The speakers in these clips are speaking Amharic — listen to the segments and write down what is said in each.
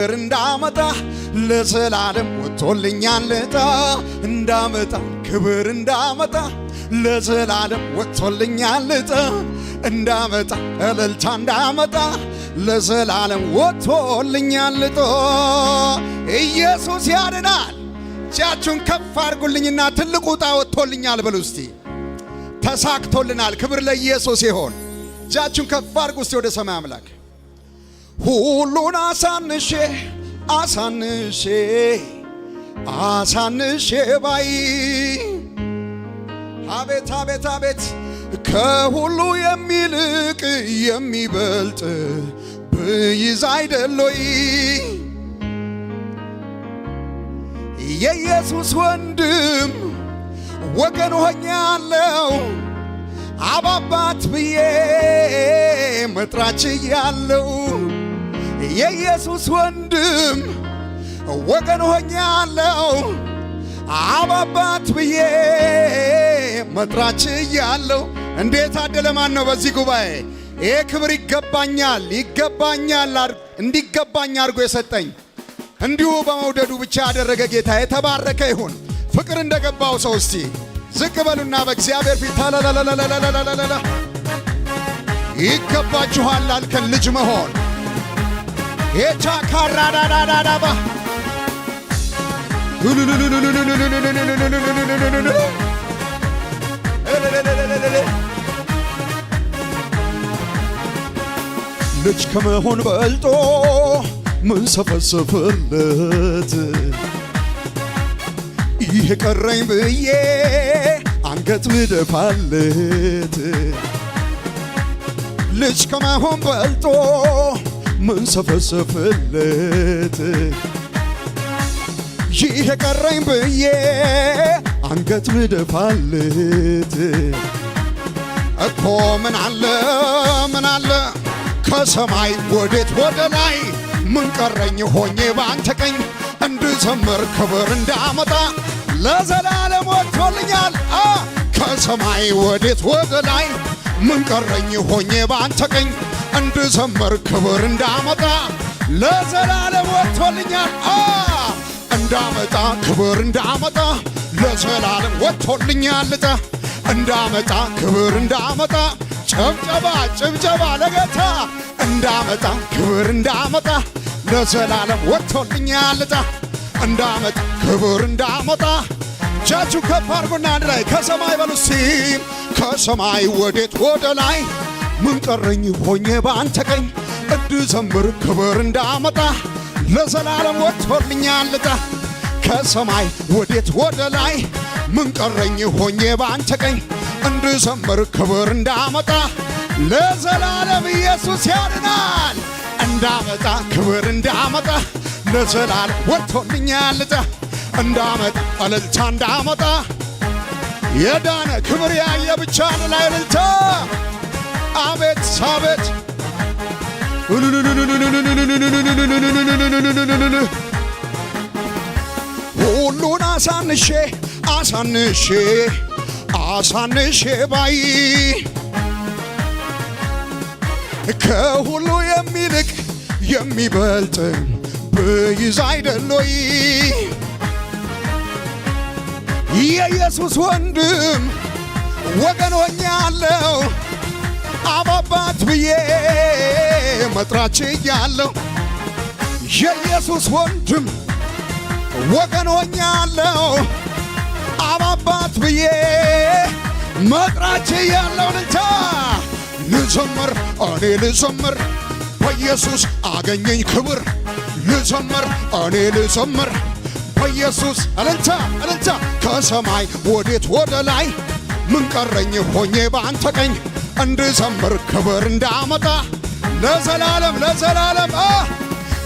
ነገር እንዳመጣ ለዘላለም ወጥቶልኛል እንዳመጣ ክብር እንዳመጣ ለዘላለም ወጥቶልኛል ዕጣ እንዳመጣ እልልታ እንዳመጣ ለዘላለም ወጥቶልኛል ኢየሱስ ያድናል። እጃችሁን ከፍ አድርጉልኝና ትልቁ ዕጣ ወጥቶልኛል በሉ እስቲ። ተሳክቶልናል። ክብር ለኢየሱስ ይሆን። እጃችሁን ከፍ አድርጉ እስቲ ወደ ሰማይ አምላክ ሁሉን አሳንሼ አሳንሼ አሳንሼ ባይ አቤት አቤት አቤት ከሁሉ የሚልቅ የሚበልጥ ብይዝ አይደሎይ የኢየሱስ ወንድም ወገን ሆኛለው አባባት ብዬ መጥራች ያለው የኢየሱስ ወንድም ወገን ሆኛለው አባባት ብዬ መጥራች ያለው እንዴት አደለ ማን ነው በዚህ ጉባኤ ይሄ ክብር ይገባኛል ይገባኛል እንዲገባኝ አድርጎ የሰጠኝ እንዲሁ በመውደዱ ብቻ ያደረገ ጌታ የተባረከ ይሁን። ፍቅር እንደገባው ሰው እስቲ ዝቅ በሉና በእግዚአብሔር ፊት ታላላላላላላላ ይገባችኋል አልከን ልጅ መሆን የቻካራዳዳዳዳባ ልጅ ከመሆን በልጦ ምን ሰፈሰፈለት ይህ ቀረኝ ብዬ አንገት ምደፋለት ልጅ ከመሆን በልጦ ምን ሰፈሰፍለት ይህ የቀረኝ ብዬ አንገት ብደፋለት እኮ ምን አለ ምን አለ ከሰማይ ወዴት ወደ ላይ ምን ቀረኝ ሆኜ በአንተ ቀኝ እንድዘምር ክብር እንዳመጣ ለዘላለም ወጥቶልኛል። ከሰማይ ወዴት ወደ ላይ ምን ቀረኝ ሆኜ በአንተ ቀኝ እንድዘምር ክብር እንዳመጣ ለዘላለም ወጥቶልኛል እንዳመጣ ክብር እንዳመጣ ለዘላለም ወጥቶልኛል ዕጣ እንዳመጣ ክብር እንዳመጣ ጭብጨባ ጭብጨባ ለጌታ እንዳመጣ ክብር እንዳመጣ ለዘላለም ወጥቶልኛል ዕጣ እንዳመጣ ክብር እንዳመጣ እጃችሁ ከፍ አድርጉና አንድ ላይ ከሰማይ በሉ እስቲ ከሰማይ ወዴት ወደ ላይ ምን ቀረኝ ሆኜ በአንተ ቀኝ እንድዘምር ክብር እንዳመጣ ለዘላለም ወጥቶልኛል ዕጣ ከሰማይ ወዴት ወደ ላይ ምን ቀረኝ ሆኜ በአንተ ቀኝ እንድዘምር ክብር እንዳመጣ ለዘላለም ኢየሱስ ያድናል እንዳመጣ ክብር እንዳመጣ ለዘላለም ወጥቶልኛል ዕጣ እንዳመጣ እልልታ እንዳመጣ የዳነ ክብር ያየ ብቻ ላይ እልልታ አቤት አቤት ሁሉን አሳንሼ አሳንሼ አሳንሼ ባይ ከሁሉ የሚልቅ የሚበልጥ ብይዝ አይደሎይ የኢየሱስ ወንድም ወገን ሆኛለሁ አባባት ብዬ መጥራች ያለው የኢየሱስ ወንድም ወገን ሆኛለው አባባት ብዬ መጥራች ያለው ልታ ልዘምር እኔ ልዘምር በኢየሱስ አገኘኝ ክብር ልዘምር እኔ ልዘምር በኢየሱስ እልልታ እልልታ ከሰማይ ወዴት ወደ ላይ ምንቀረኝ ሆኜ በአንተ ቀኝ እንድዘምር ክብር እንዳመጣ ለዘላለም ለዘላለም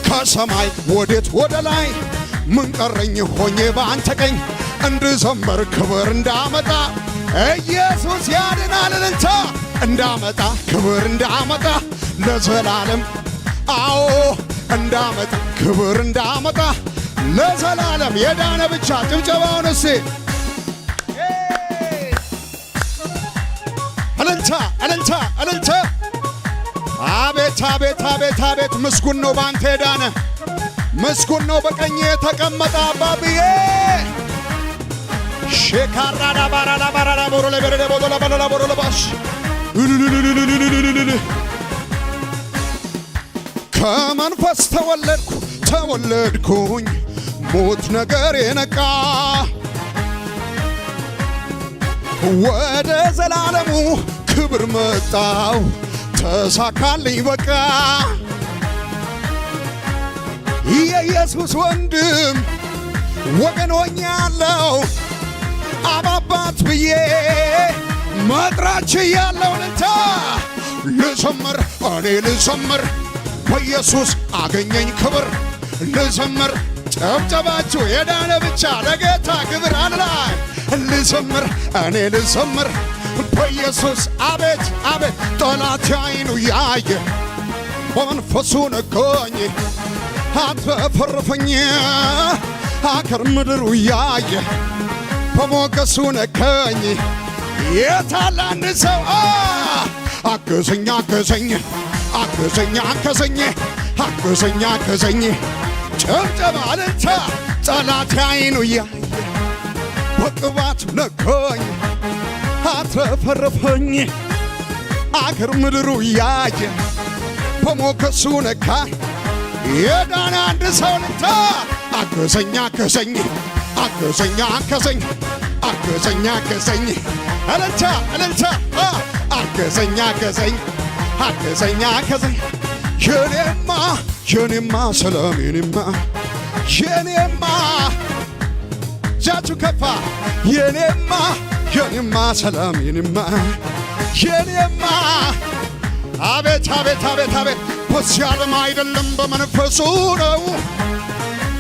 ከሰማይ ወዴት ወደ ላይ ምንቀረኝ ሆኜ በአንተ ቀኝ እንድዘምር ክብር እንዳመጣ ኢየሱስ ያድናል እልልታ እንዳመጣ ክብር እንዳመጣ ለዘላለም አዎ እንዳመጣ ክብር እንዳመጣ ለዘላለም የዳነ ብቻ ጭብጨባውን ሴ። እልልታ እልልታ እልልታ! አቤት አቤት አቤት አቤት! ምስጉን ነው በአንተ የዳነ ምስጉን ነው በቀኝ የተቀመጠ አባብዬ ሼካራዳ ባራዳ ባራዳ ቦሮ ለበረደ ቦዶ ለበረዳ ቦሮ ለባሽ ከመንፈስ ተወለድኩ ተወለድኩኝ ሞት ነገር የነቃ ወደ ዘላለሙ ክብር መጣው ተሳካልኝ በቃ የኢየሱስ ወንድም ወገን ሆኛለሁ አባባት ብዬ መጥራች ያለው ልታ ልዘምር እኔ ልዘምር በኢየሱስ አገኘኝ ክብር ልዘምር ጨብጨባችሁ የዳነ ብቻ ለጌታ ክብር አንላይ ልዘምር እኔ ልዘምር በኢየሱስ አቤት አቤት ጠላት አይኑ ያየ በመንፈሱ ነጎኝ አተፈረፈኝ አገር ምድሩ ያየ በሞገሱ ነከኝ የታለ አንድ ሰው አገዘኝ አገዘኝ አገዘኝ አገዘኝ አገዘኝ አገዘኝ ጨብጨባ አለታ ጠላት አይኑ ያየ በቅባቱ ነጎኝ አትረፈረፈኝ አገር ምድሩ ያየ በሞገሱ ነካ የዳነ አንድ ሰው ልታ አገዘኛ አገዘኝ አገዘኛ አገዘኝ አገዘኛ አገዘኝ እልልታ እልልታ አገዘኛ አገዘኝ አገዘኛ አገዘኝ የኔማ የኔማ ሰላም የኔማ የኔማ እጃችሁ ከፋ የኔማ የኔማ ሰላም የኔማ የኔማ አቤት አቤት አቤት አቤት በሲያለም አይደለም በመንፈሱ ነው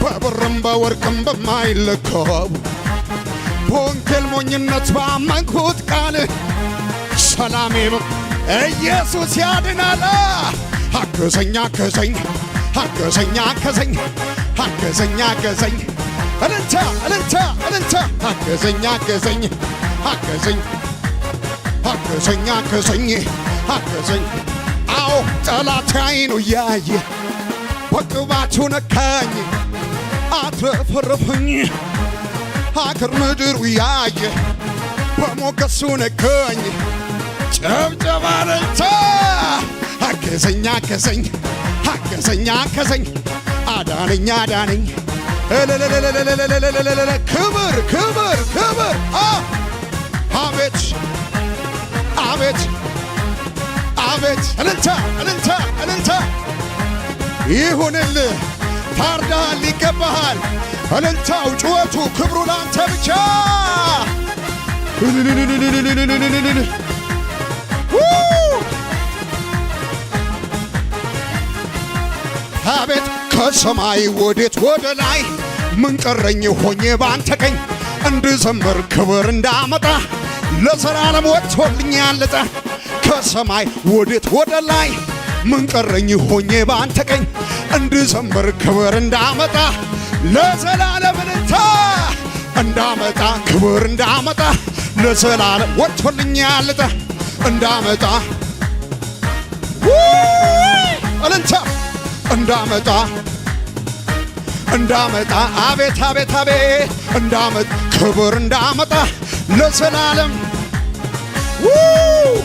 በብርም በወርቅም በማይለካው በወንጌል ሞኝነት ባመንኩት ቃል ሰላሜ ኢየሱስ ያድናል። አገዘኛ አገዘኝ አገዘኛ አገዘኝ አገዘኛ አገዘኝ እልልታ እልልታ እልልታ አገዘኛ አገዘኝ አገዘኝ አገዘኝ አገዘኝ አገዘኝ አዎ ጠላት አይኑ እያየ በቅባቱ ነካኝ አትረፈረፈኝ አገር ምድሩ ያየ በሞገሱ ነካኝ ጨብጨባ ለልታ አገዘኝ አገዘኝ አገዘኝ አገዘኝ አዳነኝ አዳነኝ ክብር ክብር ክብር አቤት አቤት አቤት እልልታ እልልታ እልልታ ይሁንልህ። ታርዳሃል፣ ይገባሃል። እልልታው፣ ጩኸቱ፣ ክብሩ ለአንተ ብቻ። አቤት ከሰማይ ወዴት ወደ ላይ ምንቀረኝ ቀረኝ ሆኜ ባንተ ቀኝ እንድዘምር ክብር እንዳመጣ ለዘላለም ወጥቶልኛል ዕጣ ከሰማይ ወዴት ወደ ላይ ምን ቀረኝ ሆኜ በአንተ ቀኝ እንድዘምር ክብር እንዳመጣ ለዘላለም ልታ እንዳመጣ ክብር እንዳመጣ ለዘላለም ወጥቶልኛል ዕጣ እንዳመጣ እልልታ እንዳመጣ እንዳመጣ አቤት አቤት አቤት እንዳመጣ ክብር እንዳመጣ ለዘላለም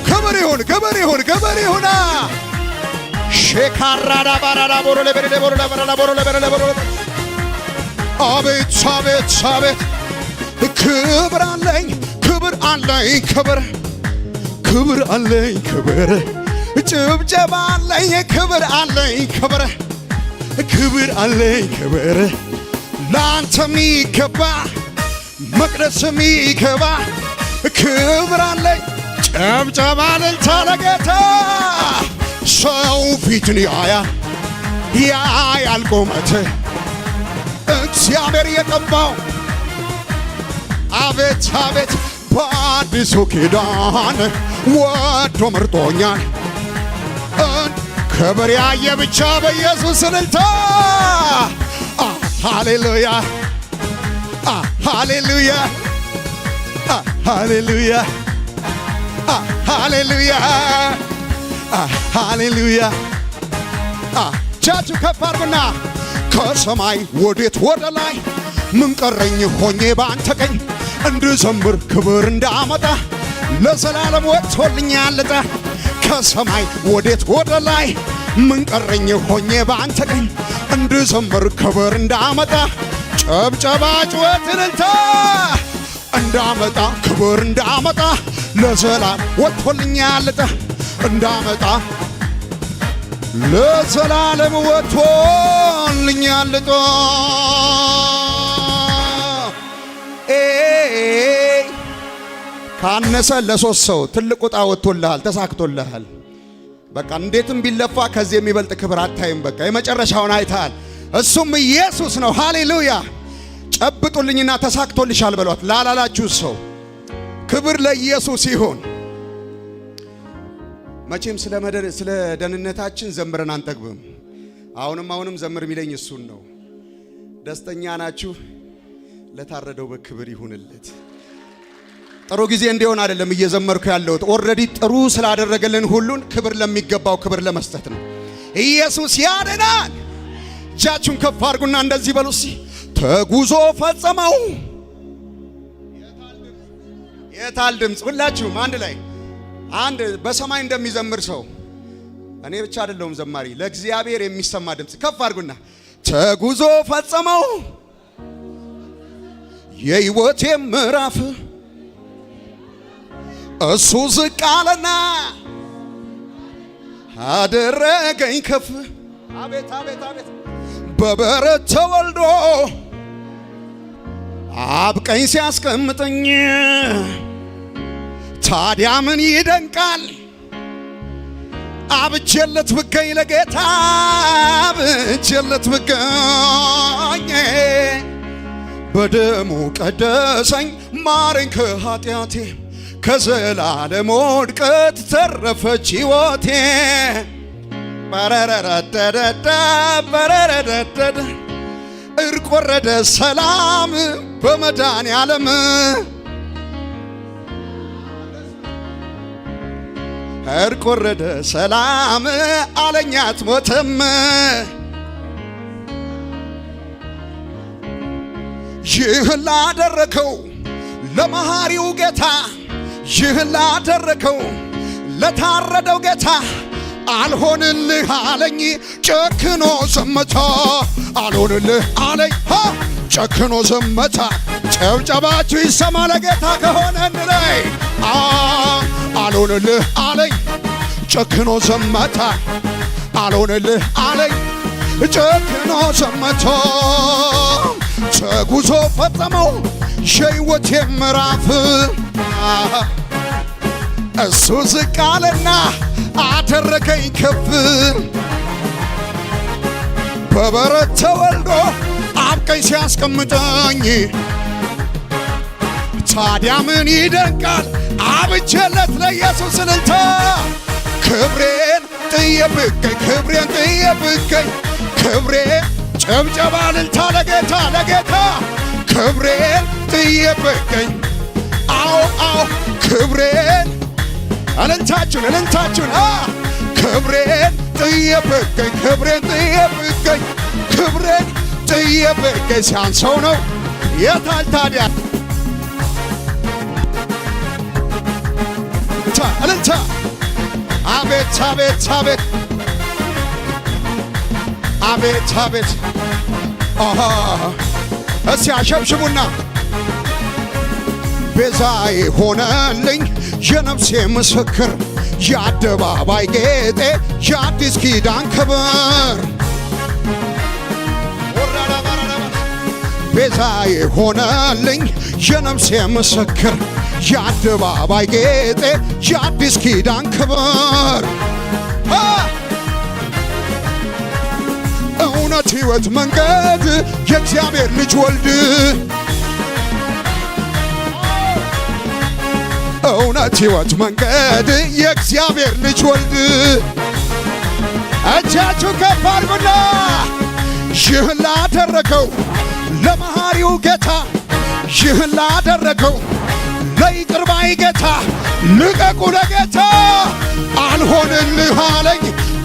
ክብር ይሁን ክብር ይሁን ክብር ይሁና ሼካራዳ ባራዳ ቦሮ ለበረለ ቦሮ ለበረለ ቦሮ ለበረለ ቦሮ አቤት አቤት አቤት ክብር አለኝ ክብር አለኝ ክብር ክብር አለኝ ክብር ጭብጨባ አለኝ ክብር አለኝ ክብር ክብር አለኝ ክብር ለአንተ የሚገባ መቅደስ የሚገባ ክብር አለኝ። ጨብጨባ እልልታ ለጌታ ሰው ፊትን ያያ ያያል ቁመት እግዚአብሔር የቀባው አቤት አቤት በአዲሱ ኪዳን ወዶ መርጦኛል ክብር ያየ ብቻ በኢየሱስ እልልታ ሃሌሉያ ሃሌሉያ ሃሌሉያ ሃሌሉያ ሃሌሉያ እጃችሁ ከፍ ከሰማይ ወዴት ወደ ላይ ምን ቀረኝ ሆኜ በአንተ ቀኝ እንድዘምር ክብር እንዳመጣ ለዘላለም ወጥቶልኛል ዕጣ ከሰማይ ወዴት ወደ ላይ ምንቀረኝ ሆኜ በአንተ ቀኝ እንድዘምር ክብር እንዳመጣ ጨብጨባ ጩኸት እንዳመጣ ክብር እንዳመጣ ለዘላም ወጥቶልኛል ዕጣ እንዳመጣ ለዘላለም ወጥቶልኛል ዕጣ ካነሰ ለሶስት ሰው ትልቁ ቁጣ ወጥቶልሃል፣ ተሳክቶልሃል። በቃ እንዴትም ቢለፋ ከዚህ የሚበልጥ ክብር አታይም። በቃ የመጨረሻውን አይተሃል። እሱም ኢየሱስ ነው። ሃሌሉያ! ጨብጡልኝና ተሳክቶልሻል በሏት ላላላችሁ ሰው ክብር ለኢየሱስ ይሁን። መቼም ስለ ደህንነታችን ዘምረን አንጠግብም። አሁንም አሁንም ዘምር የሚለኝ እሱን ነው። ደስተኛ ናችሁ? ለታረደው በክብር ይሁንለት። ጥሩ ጊዜ እንዲሆን አይደለም እየዘመርኩ ያለሁት። ኦልሬዲ ጥሩ ስላደረገልን ሁሉን ክብር ለሚገባው ክብር ለመስጠት ነው። ኢየሱስ ያድናል። እጃችሁን ከፍ አድርጉና እንደዚህ በሉ እስቲ ተጉዞ ፈጸመው። የታል ድምፅ? ሁላችሁም አንድ ላይ አንድ በሰማይ እንደሚዘምር ሰው እኔ ብቻ አይደለሁም ዘማሪ፣ ለእግዚአብሔር የሚሰማ ድምፅ ከፍ አድርጉና ተጉዞ ፈጸመው የሕይወቴ ምዕራፍ እሱ ዝቅ አለና አደረገኝ ከፍ አቤት አቤት አቤት በበረት ተወልዶ አብቀኝ ሲያስቀምጠኝ ታዲያ ምን ይደንቃል? አብቼለት ብገኝ ለጌታ አብቼለት ብገኝ በደሙ ቀደሰኝ ማረኝ ከኃጢአቴ ከዘላለም ውድቀት ተረፈች ሕይወቴ በረረረደደደ በረረረደደ እርቅ ወረደ ሰላም በመድኃኔ ዓለም እርቅ ወረደ ሰላም አለኛ አትሞትም ይህን ላደረከው ለመሐሪው ጌታ ይህን ላደረከው ለታረደው ጌታ አልሆንልህ አለኝ ጨክኖ ዘመታ። አልሆንልህ አለኝ ጨክኖ ዘመታ። ጨብጨባችሁ ይሰማ ለጌታ ከሆነ እንለይ። አልሆንልህ አለኝ ጨክኖ ዘመታ። አልሆንልህ አለኝ ጨክኖ ዘመታ። ተጉዞ ፈጸመው የሕይወቴ ምዕራፍ እሱ ዝቅ አለና አደረገኝ ከፍ በበረት ተወልዶ አብቀኝ ሲያስቀምጠኝ ታዲያ ምን ይደንቃል አብቼለት ለኢየሱስ ልልታ ክብሬን ጥዬ ብገኝ ክብሬን ጥዬ ብገኝ ክብሬ ጨብጨባ ልልታ ለጌታ ለጌታ ክብሬን ጥዬ ብገኝ አዎ አዎ ክብሬን አለንታችሁን አለንታችሁን ክብሬን ጥየብቀኝ ክብሬን ጥየብቀኝ ክብሬን ጥየብቀኝ ሲያንሰው ነው የታል ታዲያ አለንታ አቤት አቤት አቤት አቤት አቤት እስቲ አሸብሽቡና ቤዛ ይሆነልኝ የነፍሴ ምስክር የአደባባይ ጌጤ የአዲስ ኪዳን ክብር ቤዛ የሆነልኝ የነፍሴ ምስክር የአደባባይ ጌጤ የአዲስ ኪዳን ክብር እውነት ሕይወት መንገድ የእግዚአብሔር ልጅ ወልድ እውነት ሕይወት መንገድ የእግዚአብሔር ልጅ ወልድ እጃችሁ ከፍ አድርጉና ይህን ላደረገው ለመሐሪው ጌታ ይህን ላደረገው ለይቅር ባይ ጌታ ልቀቁ ለጌታ አልሆንልህ አለኝ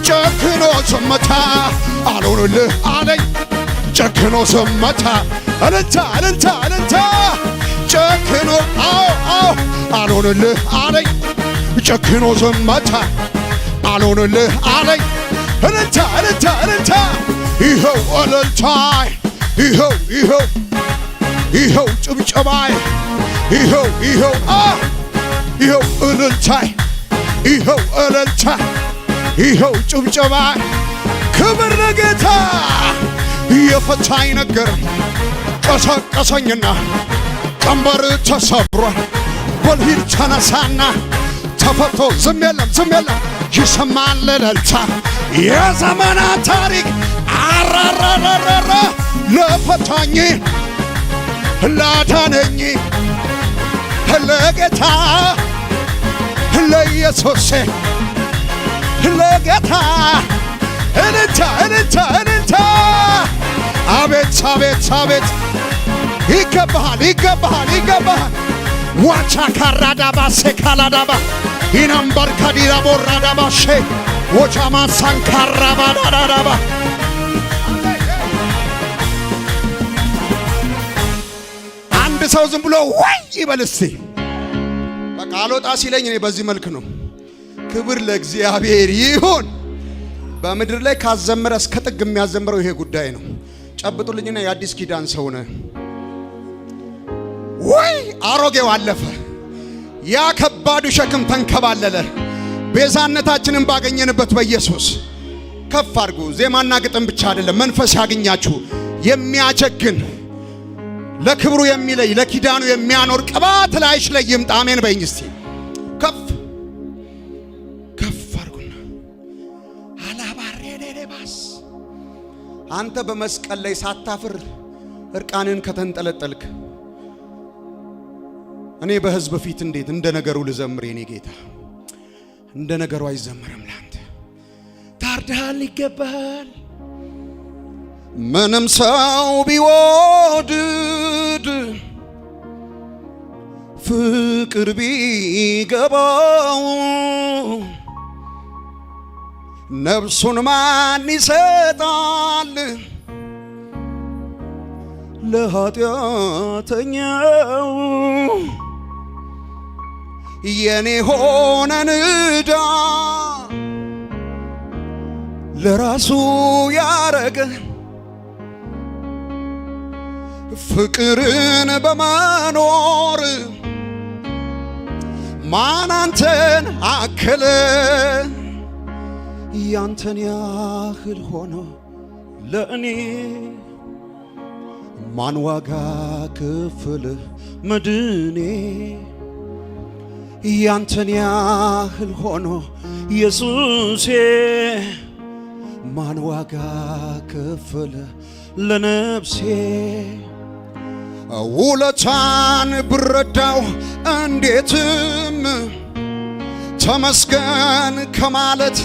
ጨክኖ ዝምታ አልሆንልህ አለኝ ጨክኖ ዝምታ እልልታ እልልታ እልልታ ጨክኖ አዎ አዎ አልሆንልህ አለኝ ጨክኖ ዘመታ አልሆንልህ አለኝ እልልታ እልልታ እልልታ ይኸው እልልታ ይኸው ይኸው ይኸው ጭብጨባይ ይኸው ይኸው ይኸው እልልታይ ይኸው እልልታ ይኸው ጭብጨባይ ክብር ለጌታ የፈታኝ ነገር ቀሰቀሰኝና ቀንበር ተሰብሯል። ወልሂድ ተነሳና ተፈቶ ዝም የለም ዝም የለም ይሰማል እልልታ የዘመና ታሪክ አራራራራራ ለፈታኝ ላዳነኝ ለጌታ ለኢየሱሴ ለጌታ እልልታ እልልታ እልልታ አቤት አቤት አቤት ይገባሃል፣ ይገባሃል፣ ይገባሃል። ዋቻ ካራዳባ ሴካላዳባ ይናምበር ከዲራ ሼ ወቻማ ሳንካራባ ዳዳዳባ አንድ ሰው ዝም ብሎ ወይ ይበል በቃ አልወጣ ሲለኝ እኔ በዚህ መልክ ነው። ክብር ለእግዚአብሔር ይሁን። በምድር ላይ ካዘመረ እስከ ጥግ የሚያዘምረው ይሄ ጉዳይ ነው። ጨብጡልኝና የአዲስ ኪዳን ሰው ነህ። ወይ አሮጌው አለፈ፣ ያ ከባዱ ሸክም ተንከባለለ። ቤዛነታችንን ባገኘንበት በኢየሱስ ከፍ አድርጉ። ዜማና ግጥም ብቻ አይደለም፣ መንፈስ ያገኛችሁ የሚያቸግን ለክብሩ የሚለይ ለኪዳኑ የሚያኖር ቅባት ላይሽ ላይ ይምጣ። አሜን በይኝ እስቲ ከፍ ከፍ አድርጉና አላባሬ ባስ አንተ በመስቀል ላይ ሳታፍር እርቃንን ከተንጠለጠልክ እኔ በህዝብ ፊት እንዴት እንደ ነገሩ ልዘምር? የኔ ጌታ እንደ ነገሩ አይዘምርም። ላንተ ታርዳል ይገባሃል። ምንም ሰው ቢወድድ ፍቅር ቢገባው ነፍሱን ማን ይሰጣል ለኃጢአተኛው? የኔ ሆነን ዕዳ ለራሱ ያረገ ፍቅርን በመኖር ማናንተን አንተን አከለ ያንተን ያህል ሆኖ ለእኔ ማን ዋጋ ክፍል መድኔ ያንተን ያህል ሆኖ ኢየሱሴ ማን ዋጋ ከፈለ ለነፍሴ ውለታን ብረዳው እንዴትም ተመስገን ከማለት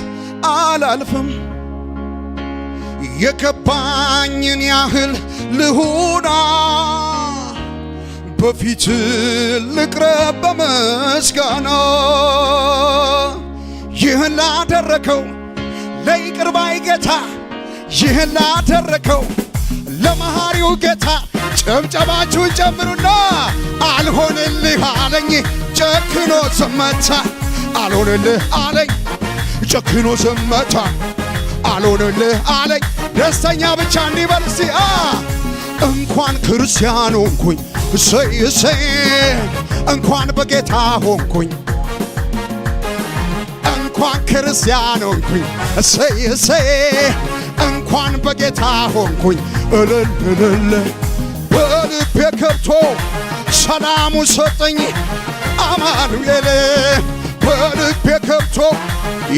አላልፍም። የገባኝን ያህል ልሁና በፊት ልቅረብ በምስጋና ይህን ላደረከው ለይቅርባይ ጌታ ይህን ላደረከው ለመሐሪው ጌታ ጭብጨባችሁን ጨምሩና አልሆንልህ አለኝ ጨክኖ ዘመታ አልሆንልህ አለኝ ጨክኖ ዘመታ አልሆንልህ አለኝ ደስተኛ ብቻ እንዲበልሲ እንኳን ክርስቲያን ሆንኩኝ እሰይ እሰይ እንኳን በጌታ ሆንኩኝ እንኳን ክርስቲያን ሆንኩኝ እሰይ እሰይ እንኳን በጌታ ሆንኩኝ እልል እልል በልቤ ገብቶ ሰላሙ ሰጠኝ አማኑኤል በልቤ ከብቶ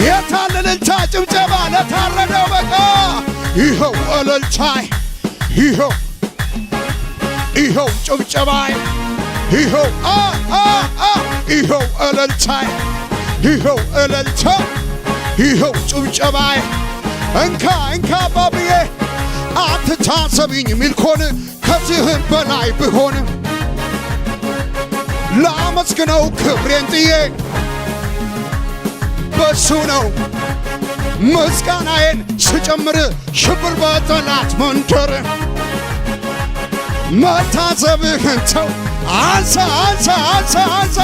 የታለ እልልታ ጭብጨባ ለታረደው በቃ ይኸው እልልታይ ይኸው ይኸው ጭብጨባይ፣ ይኸው ይኸው እልልታይ፣ ይኸው እልልታ፣ ይኸው ጭብጨባይ። እንካ እንካ አባብዬ አትታሰቢኝ ሚልኮን ከዚህም በላይ ብሆን ላመስግነው ክብሬን ጥዬ በሱ ነው ምስጋናዬን ስጨምር ሽብር በጠላት መንደር መታዘብህን ተው። አንሳ አንሳ አንሳ አንሳ።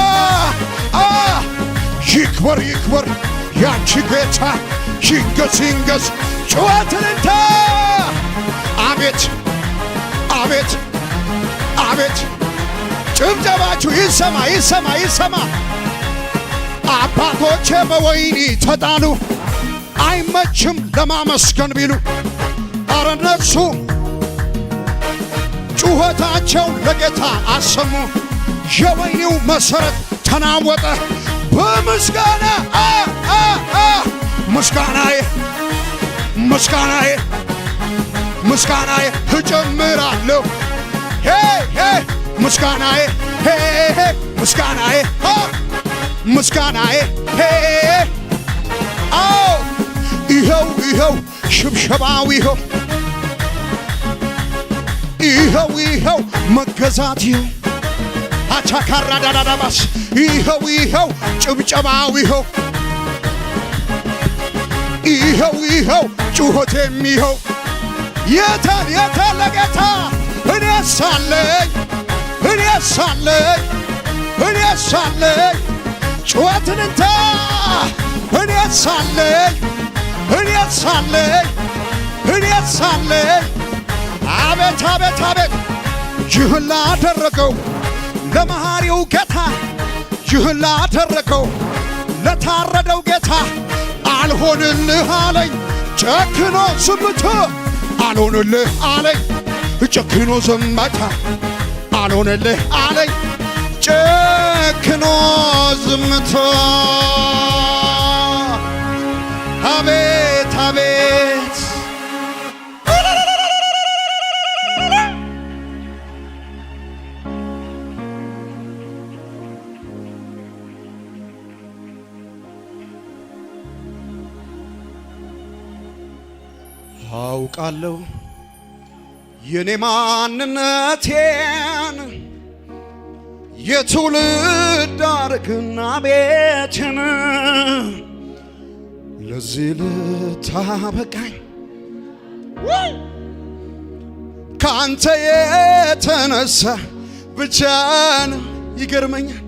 ይክበር ይክበር ያንቺ ጌታ ይንገስ ይንገስ። ጩኸትን አቤት አቤት አቤት። ጭብጨባችሁ ይሰማ ይሰማ ይሰማ። አባቶቼ በወይኒ ተጣሉ አይመችም ለማመስገን ቢሉ አረ እነሱ ጩኸታቸው ለጌታ አሰሙ። የወይኒው መሠረት ተናወጠ በምስጋና ምስጋናዬ ምስጋናዬ ምስጋናዬ እጨምራለሁ ምስጋናዬ ምስጋናዬ ምስጋናዬ አዎ ይኸው ይኸው ሽብሸባው ይኸው ይኸው ይኸው መገዛት ይኸው አቻካራ ዳዳዳባስ ይኸው ይኸው ጭብጨባው ይኸው ይኸው ይኸው ጩኸቴም ይኸው የታል የታል ለጌታ እኔ ሳለኝ እኔ ሳለኝ እኔ ሳለኝ ጩኸትን እንታ እኔ ሳለኝ እኔ ሳለኝ እኔ ሳለኝ አቤት አቤት አቤት ይህን ላደረገው ለመሐሪው ጌታ ይህን ላደረገው ለታረደው ጌታ አልሆንልህ አለኝ ጨክኖ ዝምት አልሆንልህ አለኝ ጨክኖ ዝምታ አልሆንልህ አለኝ ጨክኖ ዝምታ አቤት አቤት አውቃለሁ የኔ ማንነቴን የትውልድ አርግና ቤትን ለዚህ ልታበቃኝ ከአንተ የተነሳ ብቻን ይገርመኛል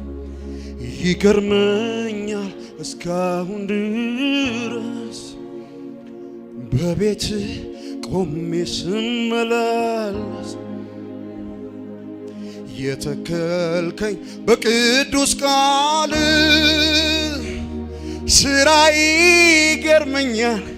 ይገርመኛል እስካሁን ድረስ በቤት ቆሜ ስመላለስ የተከልከኝ በቅዱስ ቃል ስራ ይገርመኛል።